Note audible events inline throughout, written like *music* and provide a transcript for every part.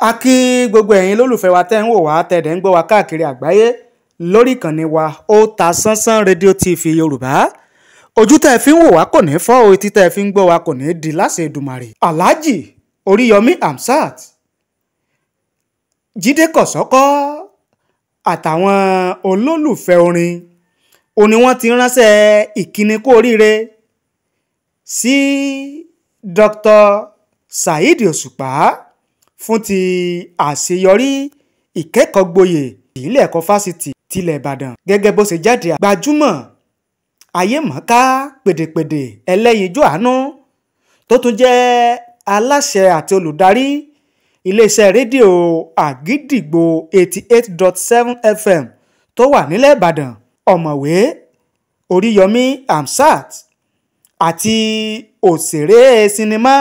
a kí gbogbo ẹ̀yin lólùfẹ́ wa tẹ́ ń wò wá tẹ̀dẹ̀ ń gbọ́ wa káàkiri àgbáyé lórí ìkànnì wa ó ta sánsán rédíò tv yorùbá ojú tẹ́ ẹ fi ń wò wá kò ní fọ́ o etí tẹ́ ẹ fi ń gbọ́ wa kò ní di láṣẹ Èdùmàrè alhaji oríyọmí hamsat jíde kọ̀sọ́kọ́ àtàwọn olólùfẹ́ orin ó ní wọ́n ti ránṣẹ́ ìkíni kú oríire sí si dr saheed òṣùpá fún ti àṣeyọrí ìkẹ́kọ̀ọ́ gboyè ilé ẹ̀kọ́ fásitì tilẹ̀ Ìbàdàn gẹ́gẹ́ bó ṣe jáde gbajúmọ̀ ayémọ̀ká pèdèpèdè ẹlẹ́yinjú àánú tó tún jẹ́ aláṣẹ àti olùdarí iléeṣẹ́ rédíò àgídìgbò eighty eight dot seven fm tó wà nílẹ̀ Ìbàdàn ọ̀mọ̀wé Oríyọmí Hamzat àti òṣèré sinimá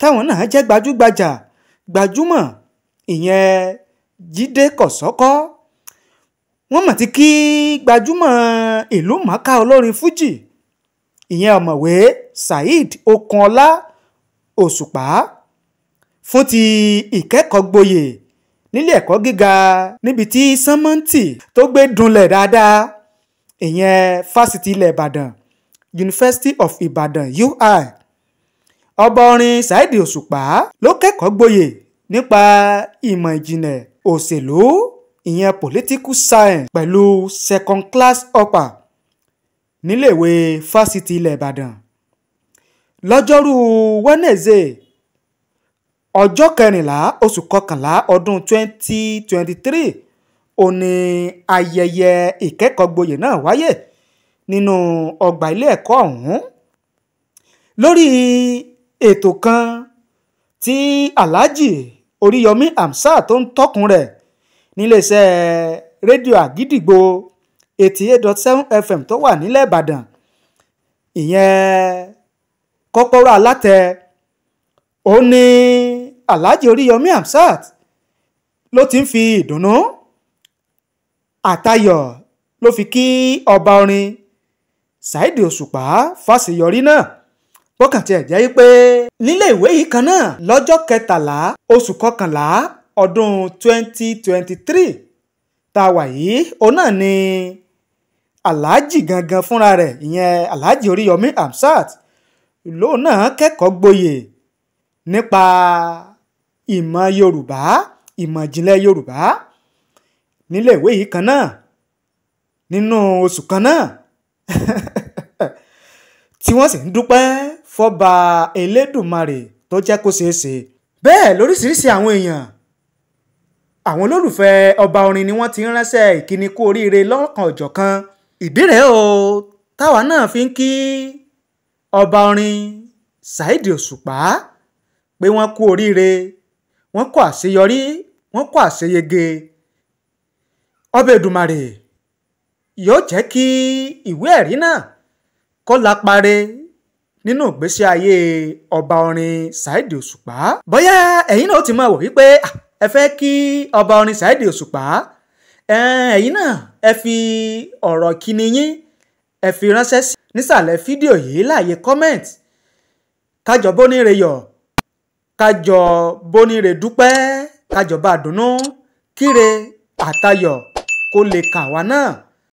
táwọn náà jẹ́ gbajúgbajà gbajúmọ̀ ìyẹn Jídé Kòsọ́kọ́ wọ́n mọ̀ ti kí gbajúmọ̀ ìlú mọ̀ọ́ká olórin fújì ìyẹn ọ̀mọ̀wé Saheed Okunola Òṣùpá fún ti ìkẹ́kọ̀ọ́gboyè nílé ẹ̀kọ́ gíga níbi tí sánmọ́ǹtì tó gbé dunlẹ̀ dáadáa ìyẹn fásitì ilẹ̀ Ìbàdàn University of Ibadan UI ọba orin Saheed Òṣùpá ló kẹ́kọ̀ọ́ gboyè nípa ìmọ̀ ìjìnlẹ̀ òṣèlú ìyẹn political science pẹ̀lú second class upper níléèwé fásitì ilẹ̀ Ìbàdàn lọ́jọ́rú Wednesday ọjọ́ kẹrìnlá oṣù kọkànlá ọdún 2023 òní ayẹyẹ ìkẹ́kọ̀ọ́gboyè náà wáyé nínú ọgbà ilé ẹ̀kọ́ ọ̀hún lórí ètò kan tí alhaji oríyọmí hamsat tó ń tọkùn rẹ̀ níléeṣẹ́ rédíò àgídìgbò eighty eight dot seven fm tó wà nílẹ̀ ìbàdàn ìyẹn kọ́kọ́rọ́ alátẹ ó ní alhaji oríyọmí hamsat ló ti ń fi ìdùnnú àtayọ̀ ló fi kí ọba orin Saheed Òṣùpá Fásìyọrí náà bó kàn tiẹ̀ jẹ́ pé nílé ìwé yìí kan náà lọ́jọ́ kẹtàlá oṣù kọkànlá ọdún 2023 tá a wà yìí òun náà ni aláàjì gangan fúnra rẹ̀ ìyẹn aláàjì oríyọmí amsat lóun náà kẹ́kọ̀ọ́ gboyè nípa ìmọ̀ yorùbá ìmọ̀ ìjìnlẹ̀ yorùbá nílé ìwé yìí kan náà nínú oṣù kan náà *laughs* tí wọ́n sì ń dúpẹ́ fọ́ba Elédùmarè tó jẹ́ kó ṣeé ṣe bẹ́ẹ̀ lóríṣiríṣi àwọn èèyàn àwọn olólùfẹ́ ọba orin ni wọ́n ti ń ránṣẹ́ ìkíni kú oríire lọ́kàn ọ̀jọ̀kan ìdí rèé o táwa náà fi ń kí ọba orin Saheed Òṣùpá pé wọ́n kú oríire wọ́n kó àṣeyọrí wọ́n kó àṣeyege ọba Èdùmarè yóò jẹ́ kí ìwé ẹ̀rí náà kó lápare nínú ìgbésí ayé ọba orin Saheed Òṣùpá bóyá ẹ̀yin náà ó ti máa wò wípé ẹ fẹ́ kí ọba orin Saheed Òṣùpá ẹ̀yin náà ẹ fi ọ̀rọ̀ kíni yín ẹ fi ránṣẹ́ sí nísàlẹ̀ fídíò yìí láàyè comment kájọ bóníire yọ̀ kájọ bóníire dúpẹ́ kájọ bá kíre àtayọ̀ kó lè kà wá náà.